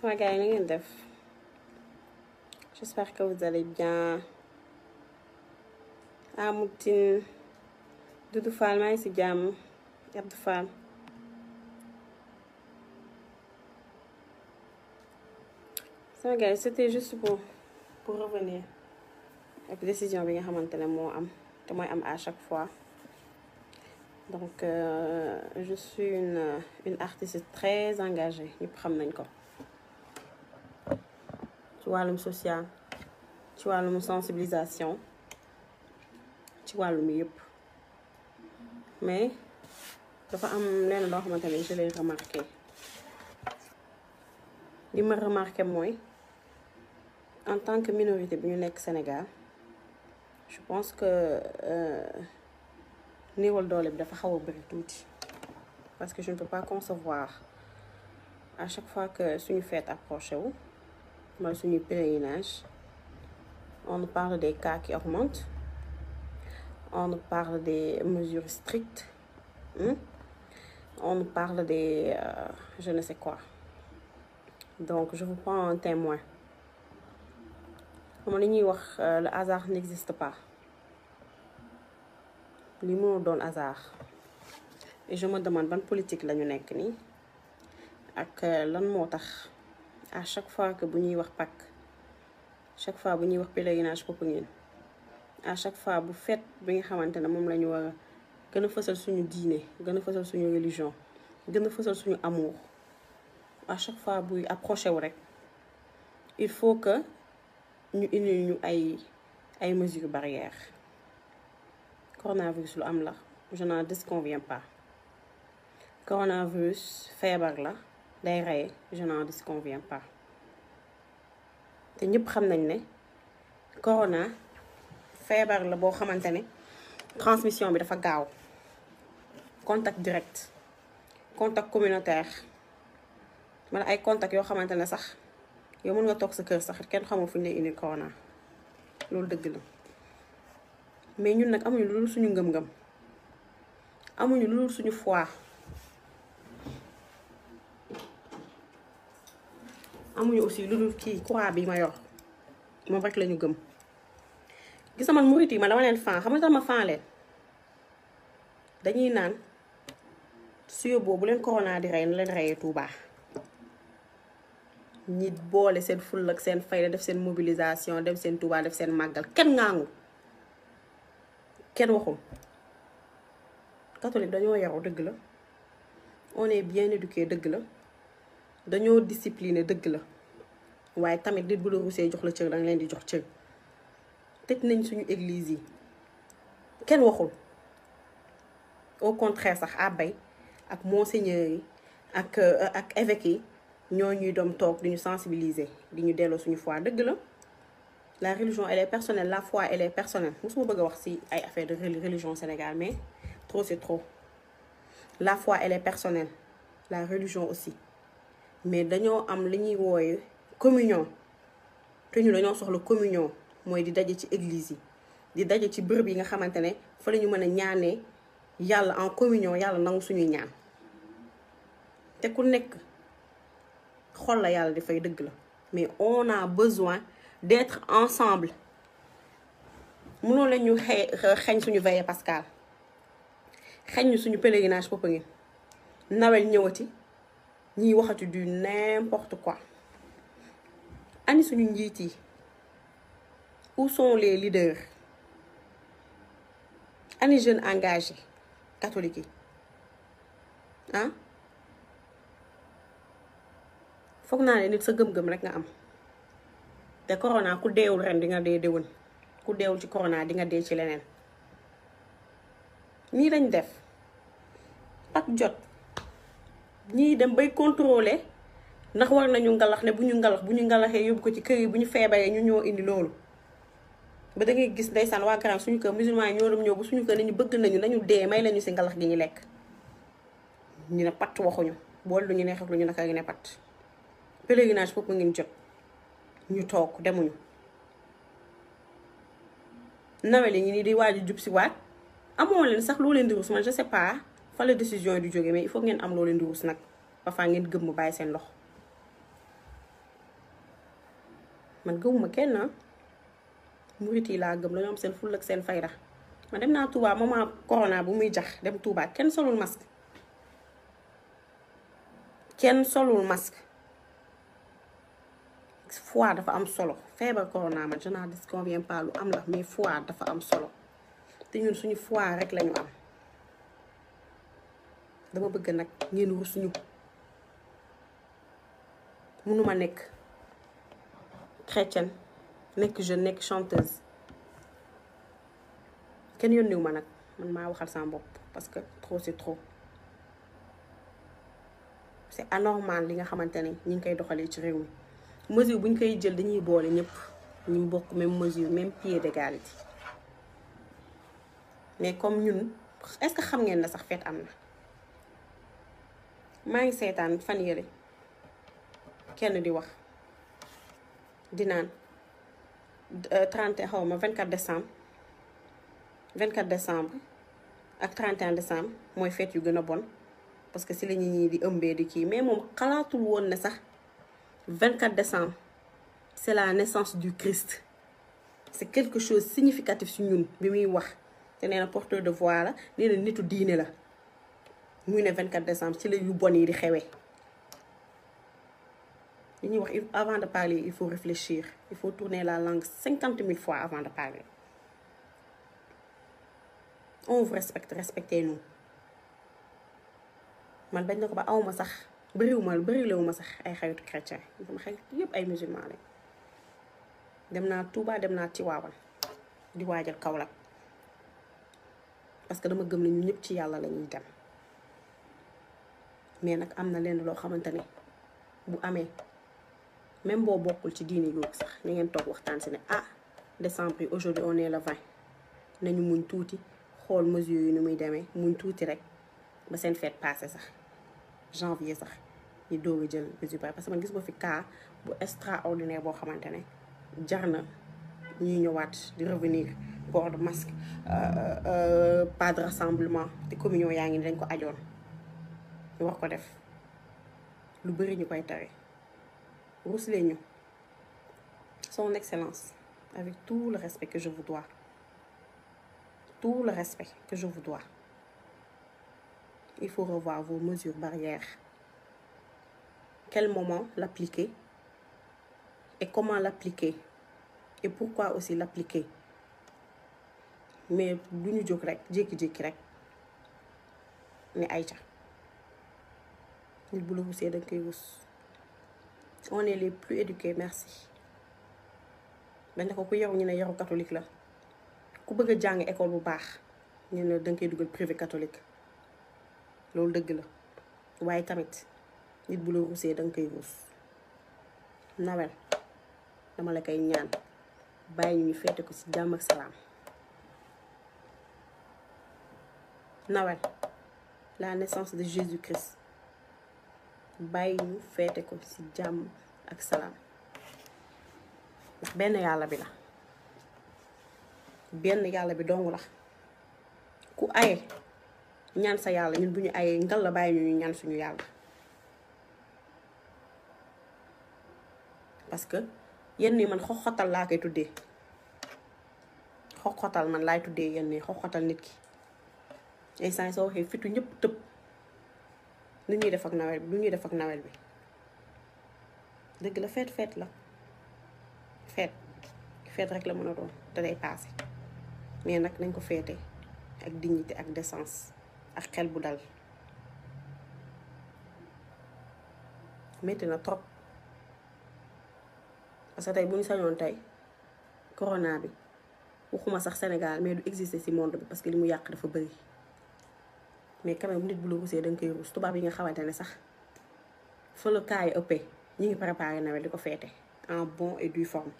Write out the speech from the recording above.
Ça gars gagne na ngeen def j'espère que vous allez bien amutin ah, Doudou Fall maa ngi si jàmm Abdou Fall sama c'était juste pour pour revenir ak décision bi nga xamante ne moo am te am à chaque fois donc euh, je suis une une artiste très engagée ñëpp xam ko tu vois le social tu vois le sensibilisation tu vois le mieux, mais dafa am lenn loo xamante je l'ai remarqué li me remarqué moi, en tant que minorité bi Sénégal je pense que euh, néewal doole bi dafa pas a tout, parce que je ne peux pas concevoir à chaque fois que suñu fête approche suis on parle des cas qui augmentent on parle des mesures strictes on hmm? on parle des euh, je ne sais quoi donc je vous prends un témoin comme euh, le hasard n'existe pas l'humour donne hasard et je me demande bonne politique la ñu à chaque fois que vous avez wax Pâques chaque fois vous wax pèlerinage à chaque fois bu fête bi nga que nous a suñu a amour à chaque fois vous approchez, nous il faut que nous une ñu ay ay mesures barrières coronavirus lu am je n'en disconviens pas coronavirus feebar la day rey je n'en disconviens pas te ñëpp xam nañ ne corona feebar la boo xamante ne transmission bi dafa gaaw contact direct contact communautaire man ay contact yoo xamante ne sax yow mën nga toog sa kër sax kenn xamul fu ñu lay indi corona loolu dëgg la mais ñun nag amuñu lu dul suñu ngëm-ngëm amuñu lu dul suñu foi amuñu aussi lu dul kii croix bi ma yor moom rek la ñu gëm gis murit yi ma dama leen fan xam nga tax ma fan leen dañuy naan suyo boobu leen corona di rey na leen reyee Tuubaa ñi boole seen full ak seen fayda def seen mobilisation dem seen Tuubaa def seen màggal kenn ngaangu kenn waxul catholique dañoo yaru dëgg la on est bien éduqué dëgg la dañoo discipliné dëgg la waaye tamit nit bu la rusee jox la cër danga leen di jox cër tëj nañ suñu église yi kenn waxul au contraire sax abbay ak monseigneur yi ak euh, ak évêque yi ñoo ñuy doom toog di ñu sensibiliser di ñu delloo suñu foi dëgg la la religion elle est personnelle la foi elle est personnelle mosuma bëgg a wax ci ay affaire de religion Sénégal mais trop c'est trop la foi elle est personnelle la religion aussi mais dañoo am li ñuy wooye communion te ñu dañoo soxla communion mooy di daje ci église yi di daje ci bërëb yi nga xamante ne fa la ñu mën a ñaanee yàlla en communion yàlla nangu suñuy ñaan te ku nekk xol la yàlla dafay dëgg la mais on a besoin d'être ensemble mënoo la ñu xeeñ suñu veille pascal xeñ ñu suñu pèlerinage Popenguine nawel ñëwati ni waxatu du n'importe quoi ani suñu njiit où sont les leaders ani jeune engagé, catholique. ah foog naa ne nit sa gëm-gëm rek nga am te corona ku deewul ren di nga dee déwén ku deewul ci corona di nga dee ci leneen nii lañ def ak jot ñii dem bay contrôler ndax war nañu ngalax ne bu ñu ngalax bu ñu ngalaxee yóbbu ko ci kër yi bu ñu feebaree ñu ñoo indi loolu ba da ngay gis ndeysaan waa Karang suñu kër musulman yi ñoo dem ñëw ba suñu kër ne ñu bëgg nañu nañu dee may lañu si ngalax gi ñu lekk ñu ne patt waxuñu bool lu ñu neex ak lu ñu naka gi ne patt pèlerinage foofu ngeen jot ñu toog demuñu nawel yi ñu nii di waaju jub si waat amoo leen sax loo leen di rus man je sais pas fa la décision yi du jóge mais il faut ngeen am loo leen di wus nag parfois ngeen gëm mu bàyyi seen loxo man gëmuma kenn ah. murit yi laa gëm la ñoom sen ful ak seen fayda man dem naa Touba moment corona bu muy jax dem Touba kenn solul masque kenn solul masque foi dafa am solo feebar corona man je n'en disconviens pas lu am la mais foi dafa am solo te ñun suñu foi rek lañu am dama bëgg nag ngeen rusuñu mënuma chrétienne nekk jeune chanteuse kenn yónniwu ma nag man waxal parce que trop c'est trop c'est anormal li nga ne ci mi mesure koy jël dañuy ñu bokk même mesure même pied mais comme nous, est-ce que xam ngeen na maa seetaan fan yële kenn di wax di euh, ma 24 décembre 24 décembre ak 31 décembre mooy fête yu parce que si la di ëmbee di kii mais moom xalaatul woon sax 24 décembre c'est la naissance du Christ c'est quelque chose significatif si ñun bi muy wax de voix la nee nitu muy ne 24 décembre ci la yu bon yi di xewé li wax avant de parler il faut réfléchir il faut tourner la langue 50 000 fois avant de parler on vous respecte respectez nous man bañ na ba awuma sax bëriwuma bëriwuma sax ay xaritu chrétien sama xarit yépp ay musulman lañ dem naa Touba dem naa Tiwaawan di waajal Kaolack parce que dama gëm ne ñu ñëpp ci yàlla la ñuy dem mais nag amna na lo loo bu amé même bo bokul ci diini yo sax na ngeen tok waxtaan si ne ah décembre aujourd'hui on est le 20 nañu muñ touti xol mesure yi ni muy démé muñ touti rek ba seen fête passé sax janvier sax ñu doog jël mesure parce que man gis bo fi cas bu extraordinaire bo xamante jarna jar ñuy ñëwaat di revenir port de masque euh, euh, euh, pas de rassemblement te communion yaa ngi dañ ko ajoon ñu wax ko def lu bari ñu koy ñu son excellence avec tout le respect que je vous dois tout le respect que je vous dois il faut revoir vos mesures barrières quel moment l'appliquer et comment l'appliquer et pourquoi aussi l'appliquer mais nous ne rek ne on est les plus on est les plus éduqués merci dañ ben, ko hier on est catholique la ku bëgg jang école bu baax ne êtes privé catholique dëgg la vous tamit nit boulot. la koy ñaan bàyyi ko ci la naissance de Jésus-Christ bàyyi ñu feete ko ci jàmm ak salaam ndax benn yàlla bi la benn yàlla bi dongu la ku aye ñaan sa yàlla ñun bu ñu ayee ngal la bàyyi ñu ñu ñaan suñu yàlla parce que yenn nii man xoxotal laa koy tuddee xoxotal man laay tuddee yenn nii xoxotal nit ki instant soo waxee fitu ñëpp tëb Nous ñuy def ak nawet bi ñuy def ak nawet bi la fête. la fête, c'est rek la mën a doon mais nag ak dignité avec décence ak xel bu dal métti trop parce que tey bu ñu corona bi sax Sénégal mais du exister ci monde parce que li mu dafa bëri mais quand même nit bu la rusee da nga koy tubaab yi nga xamante ne sax fa la kaay ëppee ñi ngi préparé nawet di ko feete en bon et due forme